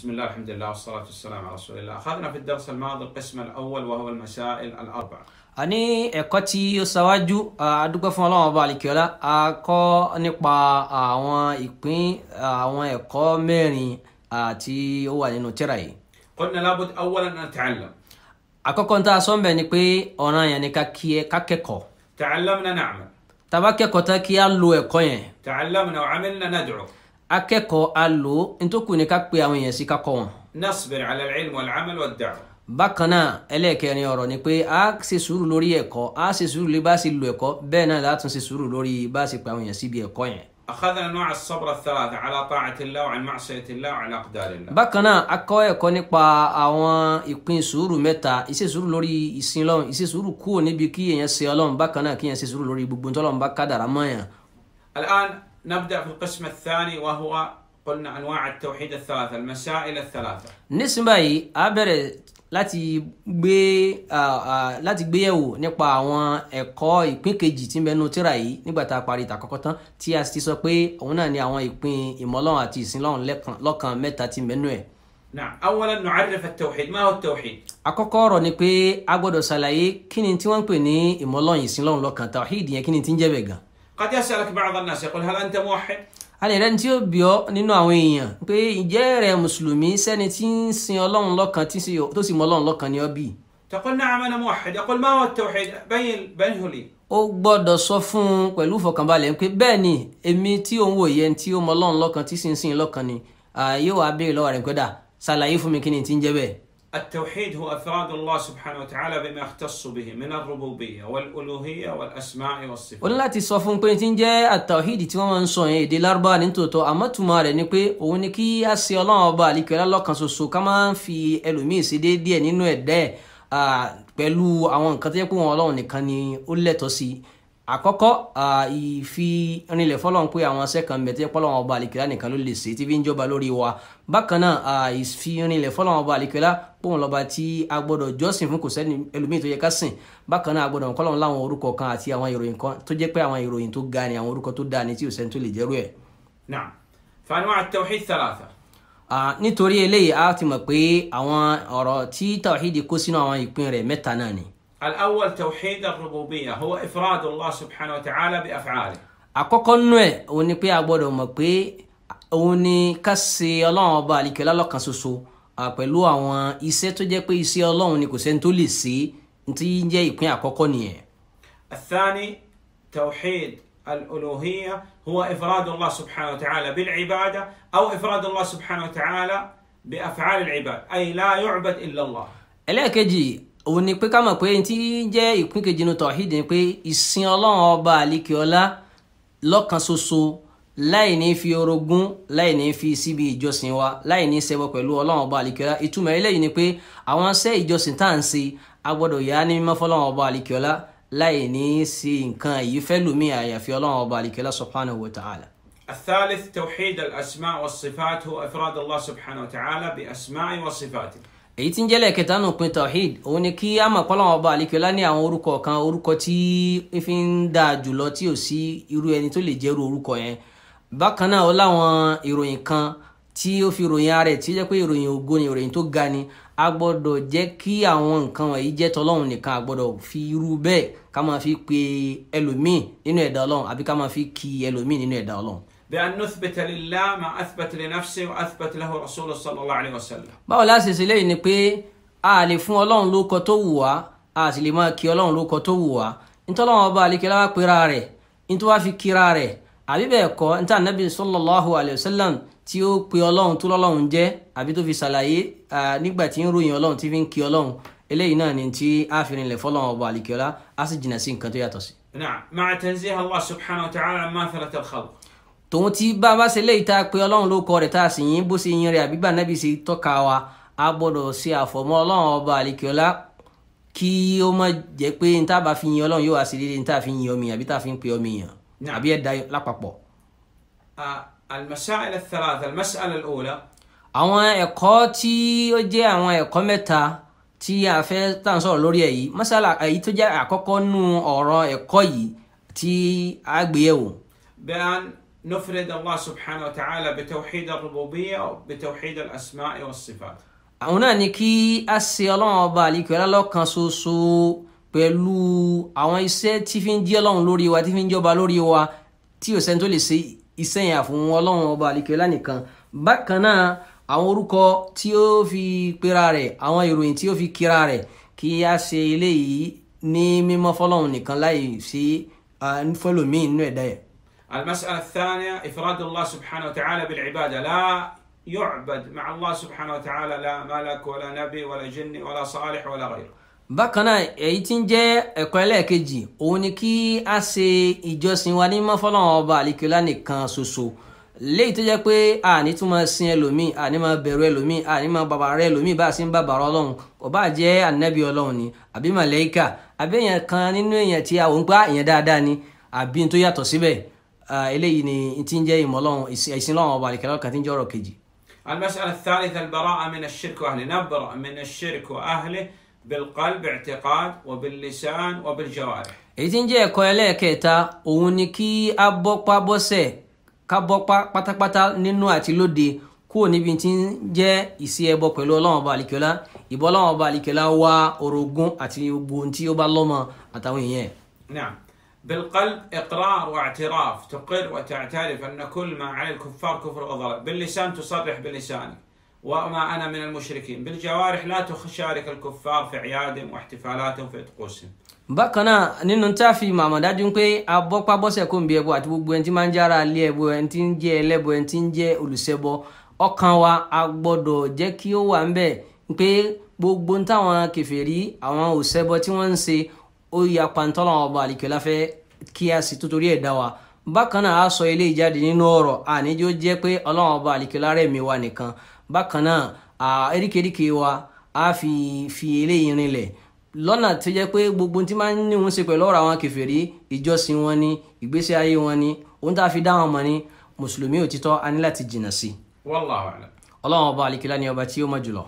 بسم الله الحمد لله والصلاة والسلام على رسول الله أخذنا في الدرس الماضي القسم الأول وهو المسائل الأربعة àní ẹ̀kọ́ tí ó ṣáwájú a dúpẹ́ fún Ọlọ́run ọba àlìkíọ́lá a kọ́ nípa àwọn ìpín àwọn ẹ̀kọ́ mẹ́rin àti ó wà nínú tírà yìí. قلنا لابد أولا أن نتعلم. àkọ́kọ́ ń tá a sọ ń bẹ̀ ni pé ọ̀ràn yẹn ni ká kẹ́kọ̀ọ́. تعلمنا نعمل. tá a bá kẹ́kọ̀ọ́ tán kí á lo ẹ̀kọ́ yẹn. تعلمنا وعملنا ندعو akẹ́kọ̀ọ́ a lò ntòkù ni ká pe àwọn èèyàn sí ká kọ́ wọn. nasbir ala al-ilm wal-amal wad-da'wa. bákan náà ẹlẹ́ẹ̀kẹrin ọ̀rọ̀ ni pé a ṣe sùúrù lórí ẹ̀kọ́ a ṣe sùúrù lórí bá a ṣe lo ẹ̀kọ́ bẹ́ẹ̀ náà láti ṣe sùúrù lórí bá a ṣe pe àwọn èèyàn síbi ẹ̀kọ́ yẹn. akhadna nu'a as-sabr ath-thalatha ala ta'ati Allah bákan náà a ẹ̀kọ́ nípa àwọn ìpín sùúrù mẹ́ta ìṣe sùúrù lórí ìsìn Ọlọ́run ìṣe sùúrù kúrò نبدأ في القسم الثاني وهو قلنا أنواع التوحيد الثلاثة المسائل الثلاثة نسمى أبرز láti gbé láti gbé yẹ̀wò nípa àwọn ẹ̀kọ́ ìpín kejì tí ń bẹnu tíra yìí nígbà tá a parí ìta kọ́kọ́ tán tí a ti sọ pé òun náà ni àwọn ìpín ìmọ̀lọ́run àti ìsinlọ́run lọ́kàn mẹ́ta tí ń bẹnu ẹ̀. Na'am, awwalan nu'arrif at-tawhid, ma huwa at-tawhid? àkọ́kọ́ ni pé a gbọ́dọ̀ ṣàlàyé kí ni tí wọ́n ń pè ní ìmọ̀lọ́run ìsinlọ́run lọ́kàn tawhid yẹn kí ni tí ń jẹ́ bẹ̀ gan قد يسألك بعض الناس يقول هل أنت موحد alẹ́ rẹ́ni tí ó bí ọ nínú àwọn èèyàn pé ìjẹ́ rẹ̀ mùsùlùmí sẹ́ni tí ń sin ọlọ́run lọ́kan tó sì mọ ọlọ́run ni ọ bí. تقول نعم أنا موحد يقول ما هو التوحيد بين بينه لي. ó gbọ́dọ̀ sọ fún un pẹ̀lú ìfọkànbalẹ̀ pé bẹ́ẹ̀ ni èmi tí òun wò yẹn tí ó mọ ọlọ́run lọ́kan tí sì sin lọ́kan ni yóò wá béèrè lọ́wọ́ rẹ̀ pé dà ṣàlàyé fún mi kí ni ti ń jẹ́ bẹ́ẹ̀. التوحيد هو افراد الله سبحانه وتعالى بما يختص به من الربوبيه والالوهيه والاسماء والصفات. ó ní láti sọ fún pé tí ń jẹ́ àtàwíìdì tí wọ́n máa ń sọ yẹn èdè lárúbáwá ní tòótọ́ àmọ́ túmọ̀ rẹ̀ ni pé òun ni kí a ṣe ọlọ́run ọba àlìkẹ́lá lọ́kan ṣoṣo ká máa ń fi ẹlòmíì sí déédéé nínú ẹ̀dá ẹ̀ pẹ̀lú àwọn nǹkan tó yẹ pé wọn ọlọ́run nìkan ni ó lẹ́tọ̀ọ́ sí i àkọ́kọ́ ìfi rinlẹ̀ fọlọ́n pé àwọn sẹ́kàn bẹ̀tẹ́ pọ́lọ́wọ́n ọba àlìkẹ́lá nìkan ló lè ṣe tí fi ń jọba lórí wa bákan náà ìfi rinlẹ̀ fọlọ́wọ́n ọba àlìkẹ́lá pòun lọ́ba tí a gbọ́dọ̀ jọ́sìn fún kò sẹ́ni ẹlòmíì tó yẹ ká sìn bákan náà a gbọ́dọ̀ kọ́lọ́n láwọn orúkọ kan àti àwọn ìròyìn kan tó jẹ́ pé àwọn ìròyìn tó ga ni àwọn orúkọ tó dáa ni tí ò sẹ́ni Fa anwa tawhid thalatha nítorí eléyìí a ti mọ̀ pé àwọn ọ̀rọ̀ tí tawhid kó sínú àwọn ìpín rẹ̀ mẹ́ta náà ni. الأول توحيد الربوبية هو إفراد الله سبحانه وتعالى بأفعاله àkọ́kọ́ nú ẹ̀ òun ni pé a gbọ́dọ̀ mọ̀ pé òun ni ká ṣe ọlọ́run ọba àlìkẹ́ lọ́lọ́kan ṣoṣo pẹ̀lú àwọn iṣẹ́ tó jẹ́ pé iṣẹ́ ọlọ́run ni kò sẹ́ni tó lè ṣe tí ń jẹ́ ìpín àkọ́kọ́ nìyẹn. الثاني توحيد الألوهية هو إفراد الله سبحانه وتعالى بالعبادة أو إفراد الله سبحانه وتعالى بأفعال العباد أي لا يعبد إلا الله. ẹlẹ́ẹ̀kejì òun ni pé ká mọ̀ pé n tí jẹ́ ìpín kejì inú tọ̀hídì ni pé ìsìn ọlọ́run ọba àlekèọlá lọ́kan ṣoṣo láì ní fi orogún láì ní fi síbi ìjọsìn wa láì ní ṣẹbọ pẹ̀lú ọlọ́run ọba àlekèọlá ìtumọ̀ eléyìí ni pé àwọn ṣẹ́ ìjọsìn tá à ń ṣe a gbọ́dọ̀ yá ní mímọ́ fọlọ́run ọba àlekèọlá láì ní ṣe nǹkan èyí fẹ́ lómi àyàfi ọlọ́run ọba àlekèọlá subhanahu wa ta'ala. الثالث توحيد الأسماء والصفات هو إفراد الله سبحانه وتعالى بأسماء وصفاته èyí tí ń jẹ́lẹ̀ kẹta nù pin tawhid òun ni kí a mọ̀ pọ́lọ́wọ́n ọba àlekèọ́lá ní àwọn orúkọ kan orúkọ tí fi ń da jùlọ tí ò sí irú ẹni tó lè jẹ́rú orúkọ yẹn bákan náà ó láwọn ìròyìn kan tí ó fi ròyìn ara ẹ̀ tí ó jẹ́ pé ìròyìn ògo ni ìròyìn tó ga ni a gbọ́dọ̀ jẹ́ kí àwọn nǹkan wọ̀nyí jẹ́ tọlọ́run nìkan a gbọ́dọ̀ fi irú bẹ́ẹ̀ ká máa fi pe ẹlòmíì nínú ẹ̀dá ọlọ́run àbí ká máa fi kí ẹlòmíì nínú ẹ̀dá ọlọ́run بأن نثبت لله ما أثبت لنفسه وأثبت له رسوله صلى الله عليه وسلم ما la ṣe نبي lẹ́yìn ni pé a lè fún ọlọ́run lóko tó wù wá a sì lè máa kí ọlọ́run lóko tó wù wá ntọ́lọ́run ọba àlekèlá wa pera rẹ̀ ntọ́ wa fi kíra rẹ̀ àbí bẹ́ẹ̀ kọ́ níta nàbí sallallahu alayhi wa sallam tí ó pe ọlọ́run tó lọ́lọ́run jẹ́ àbí tó fi ṣàlàyé nígbà tí ń ròyìn ọlọ́run tí fi ń kí ọlọ́run eléyìí náà ni tí a fi rinlẹ̀ fọlọ́run ọba àlekèlá a sì jìnnà sí nǹkan tó yàtọ̀ sí. na'am ma'a tanzih Allah subhanahu ta'ala ma'a thalata al-khalq tòun ti bá bá ṣe léyìí tá a pé ọlọ́run ló kọ rẹ̀ tá a sì yín bó ṣe yin rẹ̀ àbí gbà nábì ṣe tọ́ka wa a gbọ́dọ̀ ṣe àfọ̀mọ́ ọlọ́run ọba àlekíọ́lá kí ó má jẹ́ pé n tá a bá fi yin ọlọ́run yóò wá sí rere n tá a fi yin ọmọ yẹn àbí tá a fi ń pe ọmọ yẹn àbí ẹ̀dá lápapọ̀. الثلاثة المسألة الأولى àwọn ẹ̀kọ́ tí ó jẹ́ àwọn ẹ̀kọ́ mẹ́ta tí a fẹ́ tàn sọ̀rọ̀ lórí ẹ̀ yìí masala èyí tó jẹ́ àkọ́kọ́ nù ọ̀rọ̀ ẹ̀kọ́ yìí tí a gbé yẹ̀wò. bẹ́ẹ̀ نفرد الله سبحانه وتعالى بتوحيد الربوبية بتوحيد الأسماء والصفات àwọn náà ni kí a ṣe ọlọ́run ọba àlìkò ẹ̀rọ lọ́kan ṣoṣo pẹ̀lú àwọn iṣẹ́ tí fi ń jẹ́ ọlọ́run lórí wa tí fi ń jọba lórí wa tí ò sẹ́ni tó lè ṣe iṣẹ́ yẹn àfún ọlọ́run ọba àlìkò ẹ̀rọ nìkan bákan náà àwọn orúkọ tí ó fi pera rẹ̀ àwọn ìròyìn tí ó fi kira rẹ̀ kí a ṣe eléyìí ní mímọ́ fọlọ́run nìkan láì ṣe fọlọ́mìn nínú ẹ̀dá yẹn. المسألة الثانية إفراد الله سبحانه وتعالى بالعبادة لا يعبد مع الله سبحانه وتعالى لا ملك ولا نبي ولا جن ولا صالح ولا غيره bákan náà èyí tí ń jẹ́ ẹ̀kọ́ ẹlẹ́ẹ̀kejì òun ni kí a ṣe ìjọsìn wa ní mọ́fọ́lọ́wọ́n ọba àlìkíọ́lá nìkan ṣoṣo léyìí tó jẹ́ pé àní tún máa sin ẹlòmíì àní máa bẹ̀rù ẹlòmíì àní máa bàbàrà ẹlòmíì bá a sì ń bàbàrà ọlọ́run kò bá jẹ́ ànábì ọlọ́run ni àbí màlẹ́kà àbí èèyàn kan nínú èèyàn tí a ò ń gbá èèyàn dáadáa ni àbí n tó yàtọ̀ síbẹ̀ Ah, eléyìí ni ti ń jẹ́ ìmọ̀ Ọlọ́run ìsìn Ọlọ́run ọba àlìkẹ́lá kan ti ń jẹ́ ọ̀rọ̀ kejì. المسألة الثالثة البراءة من الشرك وأهله نبرأ من الشرك وأهله بالقلب اعتقاد وباللسان وبالجوارح èyí tí ń jẹ́ ẹ̀kọ́ ẹlẹ́ẹ̀kẹta òun ni kí a bọ́pá bọ́sẹ̀ ká bọ́pá pátápátá nínú àti lóde kúrò níbi tí ń jẹ́ ìsí ẹbọ pẹ̀lú ọlọ́run ọba àlìkẹ́lá ìbọn ọlọ́run ọba àlìkẹ́lá wá orogún àti gbogbo ohun tí ó bá lọ́mọ àtàwọn èèyàn ẹ̀. بالقلب إقرار واعتراف تقر وتعترف أن كل ما على الكفار كفر وضلال باللسان تصرح بلسانك وما أنا من المشركين بالجوارح لا تشارك الكفار في أعيادهم واحتفالاتهم في طقوسهم bákan náà nínú tá a fi màmá dájú pé abọ́pábọ́sẹ̀ kò ń bí ẹbọ àti gbogbo ẹni tí máa ń jára alẹ́ ẹbọ ẹni tí ń jẹ́ ẹlẹ́bọ ẹni tí ń jẹ́ olùṣẹbọ ọkàn wa a gbọ́dọ̀ jẹ́ kí ó wà ń bẹ̀ pé gbogbo táwọn kèfèrí àwọn òṣẹbọ tí wọ́n ń ṣe ó ya pantalon ọba àlìkẹ́lá fẹ́ kí a sì tutorí ẹ̀ dá wa e bákan náà a sọ ilé ìjáde nínú ọ̀rọ̀ àníjó jẹ́ pé ọlọ́run ọba àlìkẹ́lá mi wa nìkan bákan náà eríkèéríkè wa a fi fi eléyìí rinlẹ̀ lọ́nà tó jẹ́ pé gbogbo tí máa ń ní òun ṣe pẹ̀lú ọ̀rọ̀ àwọn kèfèrí ìjọsìn wọn ni ìgbésí ayé wọn ni òun tá a fi dá wọn mọ̀ ni mùsùlùmí òtítọ́ a ní láti jìnnà sí. wallahu a'lam. ọlọ́run ọba àlìkẹ́lá ni ọba tí ó mọ̀ jùlọ.